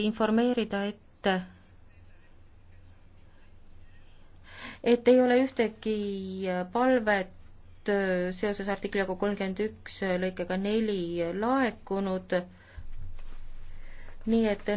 informeerida ette, et ei ole ühtegi palvet seoses artikliga kolmkümmend üks lõikega neli laekunud, nii et